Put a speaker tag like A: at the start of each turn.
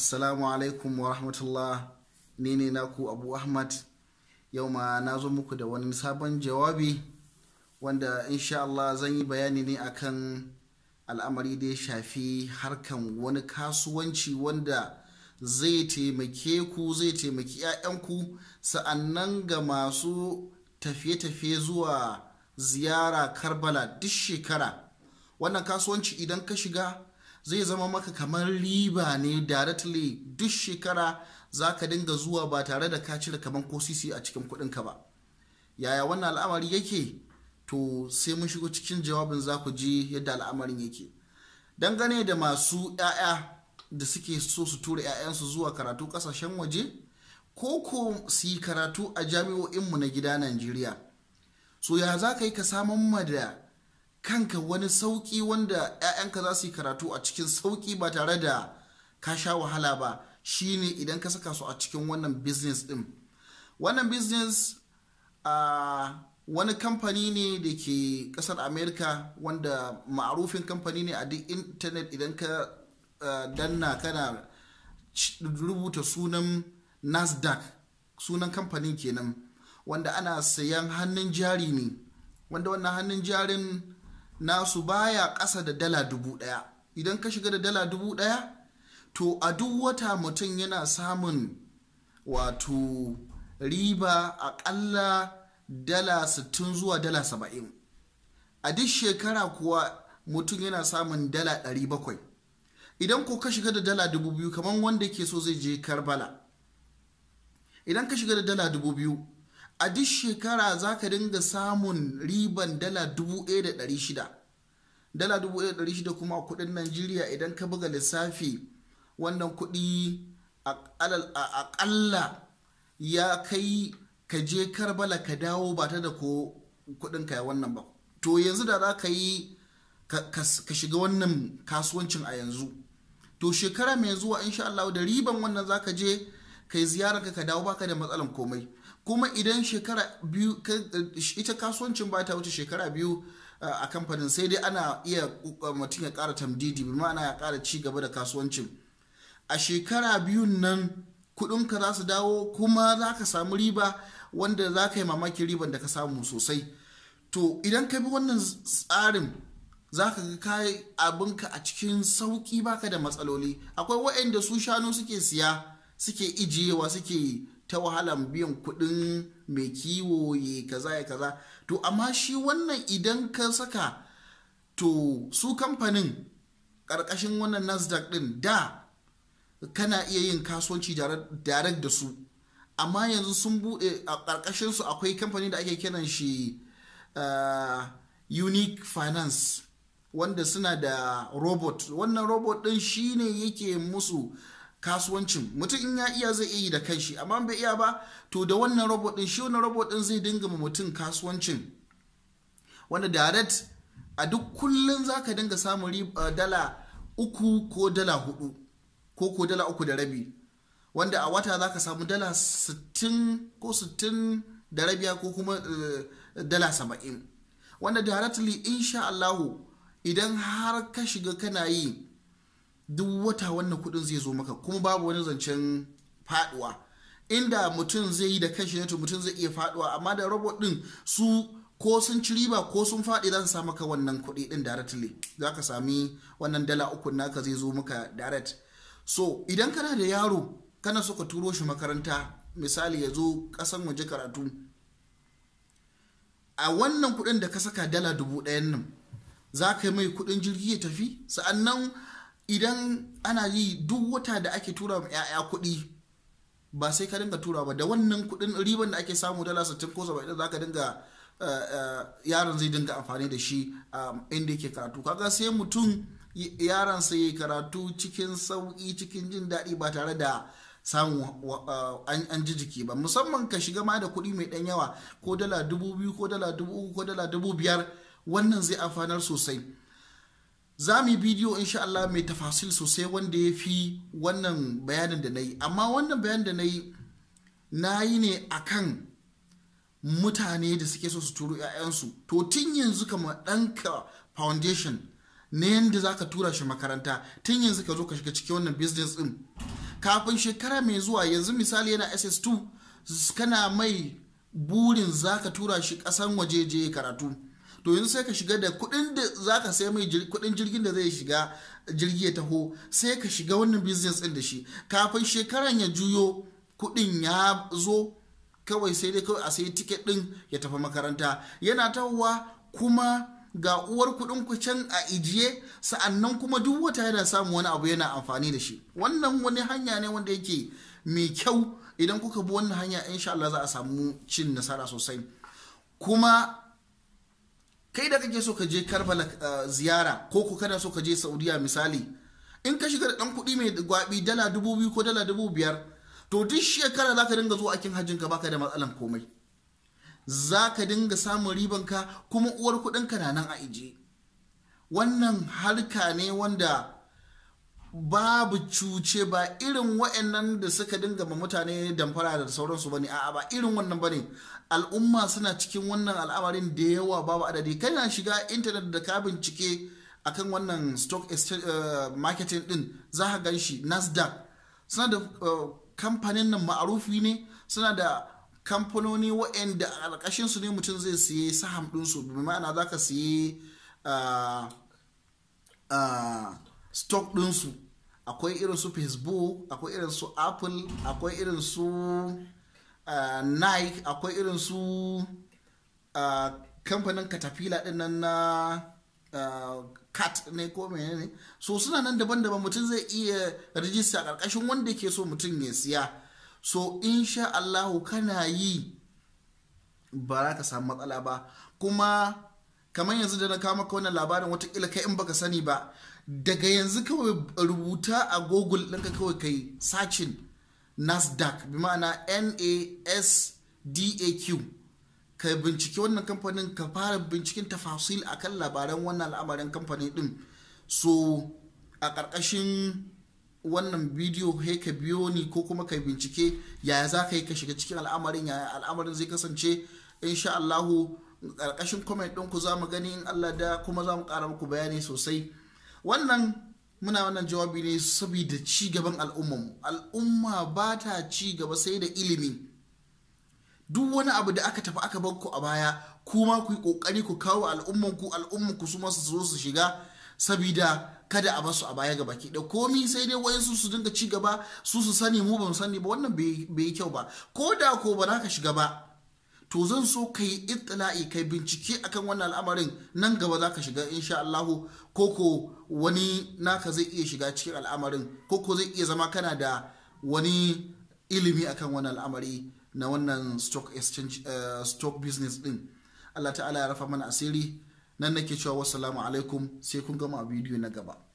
A: assalamu alaikum wa rahmatullah ni ne naku abu ahmad yau ma na zo muku da wani sabon jawabi wanda insha Allah zan yi bayani ne akan al'amari da ya shafi harkan wani kasuwanci wanda zai taimake ku zai taimaki 'ya'yanku sa'annan ga masu tafiye-tafiye zuwa ziyara karbala duk shekara wannan kasuwanci idan ka shiga zai zama maka kamar riba ne directly duk shekara za ka dinga zuwa ba tare da ka cire kamar ko sisi a cikin kuɗinka ba yaya wannan al'amari yake to sai mun shigo cikin jawabin za ku ji yadda al'amarin yake dangane da masu 'ya'ya da suke so su tura 'ya'yansu zuwa karatu kasashen waje ko ko su yi karatu a jami'o'inmu na gida najeriya so ya za ka yi ka samun mada. kanka wani sauƙi wanda 'ya'yanka za su yi karatu a cikin sauki ba tare da ka sha wahala ba shine idan ka saka su a cikin wannan business ɗin wannan business a wani kamfani ne da ke ƙasar america wanda ma'arufin kamfani ne a duk intanet idan ka danna kana rubuta sunan nasdaq sunan kamfanin kenan wanda ana sayan hannun jari ne wanda wannan hannun jarin nasu baya ƙasa da dala dubu ɗaya idan ka shiga da dala dubu ɗaya to a duk wata mutum yana samun wato riba aƙalla dala sittin zuwa dala saba'in a duk shekara kuwa mutum yana samun dala 700 idan ko ka shiga da dala dubu biyu kamar wanda ke so zai je karbala idan ka shiga da dala dubu biyu a duk shekara za ka dinga samun riban dala 1,600 dala 1,600 kuma a kudin najeriya idan ka buga lissafi wannan kudi aƙalla ya kai ka je karbala ka dawo ba ta da ko kudin ka wannan ba to yanzu da za ka yi ka shiga wannan kasuwancin a yanzu to shekara mai zuwa insha Allah da riban wannan za ka je kai ziyarar ka dawo baka da matsalan komai kuma idan shekara biyu ita kasuwancin ba ta wuce shekara biyu eh, a kamfanin sai dai ana iya mutum ya kara tamdidi bi ma'ana ya kara ci gaba da kasuwancin a shekara biyun nan ka za su dawo kuma za ka samu riba wanda za ka yi mamaki riban da ka samu sosai to idan ka bi wannan tsarin za ka ga kayi abinka a cikin sauki baka da matsaloli akwai waɗanda su shanu suke siya suke ijiyewa suke ta wahalan biyan kuɗin mai kiwo ya kaza ya kaza to amma shi wannan idan ka saka to su kamfanin ƙarƙashin wannan nasdaq ɗin da kana iya yin kasuwanci direct da su amma yanzu sun buɗe a ƙarƙashin su akwai kamfani da ake kiran shi eh, unique finance wanda suna da robot wannan robot ɗin shine yake musu kasuwancin mutum in ya iya zai iya da shi amma bai iya ba to da wannan robot din shi wannan robot din zai dinga ma mutum kasuwancin wanda direct a duk kullun zaka dinga samun eh, dala uku ko dala hudu ko ko dala uku da rabi wanda a wata zaka samu dala sittin ko sittin da rabiya ko kuma eh, dala saba'in wanda directly insha Allahu idan har ka shiga kana yi duk wata wannan kudin zai zo maka kuma babu wani zancen faduwa inda mutum zai yi da kanshi ne to mutum zai iya faduwa amma da robot din su ko sun ci riba ko sun faɗi zan sa maka wannan kuɗi ɗin directly za ka sami wannan dala uku naka zai zo maka direct so idan kana da yaro kana so ka turo shi makaranta misali ya zo ƙasan waje karatu a wannan kuɗin da ka saka dala dubu ɗayan nan za ka yi mai kuɗin jirgi ya tafi sa'annan idan ana yi duk wata da ake tura ma 'ya'ya kuɗi ba sai ka dinga tura ba da wannan kuɗin riban da ake samu dala tun ko 70 za ka dinga eh, eh, yaron zai dinga amfani da shi um, inda yake karatu kaga sai mutum yaron sai ya karatu cikin sauki cikin jin daɗi ba tare da samu eh, an ji jiki ba musamman ka shiga ma da kuɗi mai ɗan yawa ko dala dubu biyu ko dala dubu uku ko dala dubu biyar wannan zai amfanar sosai za mu yi bidiyo insha Allah mai tafasil sosai wanda ya fi wannan bayanin da na yi amma wannan bayanin da na yi na yi ne akan mutane da suke so su turo 'ya'yansu to tun yanzu ka ɗanka foundation na yadda za ka tura shi makaranta tun yanzu ka zo ka shiga cikin wannan business din? kafin shekara mai zuwa yanzu misali yana ss2 kana mai burin za ka tura shi ƙasan waje je karatu to yanzu sai ka shiga da kuɗin da za ka sai mai kuɗin jirgin da zai shiga jirgi ya taho sai ka shiga wannan business ɗin da shi kafin shekaran ya juyo kuɗin ya zo kawai sai dai kawai a sai tiket ɗin ya tafi makaranta yana tahowa kuma ga uwar kuɗin ku can a ijiye sa'annan kuma duk wata yana samun wani abu yana amfani da shi wannan wani hanya ne wanda yake mai kyau idan kuka bi wannan hanya insha Allah za a samu cin nasara sosai kuma kai da kake so ka je karbala eh, ziyara ko ko kana so ka je saudiya misali in ka shiga da dan kuɗi mai gwabi dala dubu biyu ko dala dubu biyar to duk shekara za ka dinga zuwa akin hajjin ka baka da matsalan komai za ka dinga samun riban ka kuma uwar kuɗin ka na nan a ije wannan harka ne wanda babu cuce ba irin wa'annan da suka dinga ma mutane damfara da sauransu bane a'a ba irin wannan bane al'umma suna cikin wannan al'amarin da yawa babu adadi kai na shiga intanet da ka bincike akan wannan stock eh, marketing din za ka gan shi nasdaq suna da eh, kamfanin nan ma'arufi ne suna da kamfanoni wa'anda a ƙarƙashin su ne mutum zai siye saham ɗinsu bi ma'ana za ka siye ah, ah, stock ɗinsu akwai irin su facebook akwai irin su apple akwai irin su ah, nike akwai irin su ah, kamfanin katafila ɗin nan na cat ah, ne ko menene so suna nan daban-daban mutum zai iya rijista ƙarƙashin wanda ke so mutum ya siya so insha Allahu kana yi ba za ka samu matsala ba kuma kamar yanzu da na kama maka wannan labarin watakila kai in baka sani ba daga yanzu kawai rubuta a google ɗinka kawai kai sacin nasdaq bi ma'ana nasdaq ka bincike wannan kamfanin ka fara binciken tafasil a kan labaran wannan al'amarin kamfani din so a ƙarƙashin wannan bidiyo he ka biyo ni ko kuma ka bincike yaya za ka yi ka shiga cikin al'amarin yaya al'amarin zai kasance insha Allahu ƙarƙashin comment ɗinku za mu gani in Allah da kuma za mu ƙara muku bayani sosai wannan muna wannan jawabi ne saboda ci gaban al'umman al'umma ba ta ci gaba sai da ilimi duk wani abu da aka tafi aka bar ku a baya kuma ku yi kokari ku kawo al'umman ku al'umman ku su masu su zo su shiga saboda kada a basu a baya ga baki da komi sai dai wayansu su dinga ci gaba su su sani mu ba mu sani ba wannan bai yi kyau ba ko da ko ba za ka shiga ba to zan so ka yi ittila'i kai bincike akan wannan al'amarin nan gaba za ka shiga insha Allahu ko wani naka zai iya shiga cikin al'amarin ko ko zai iya zama kana da wani ilimi akan wannan al'amari na wannan stock exchange uh, stock business din Allah ta'ala ya rafa mana asiri nan nake cewa wassalamu alaikum sai kun gama a bidiyo na gaba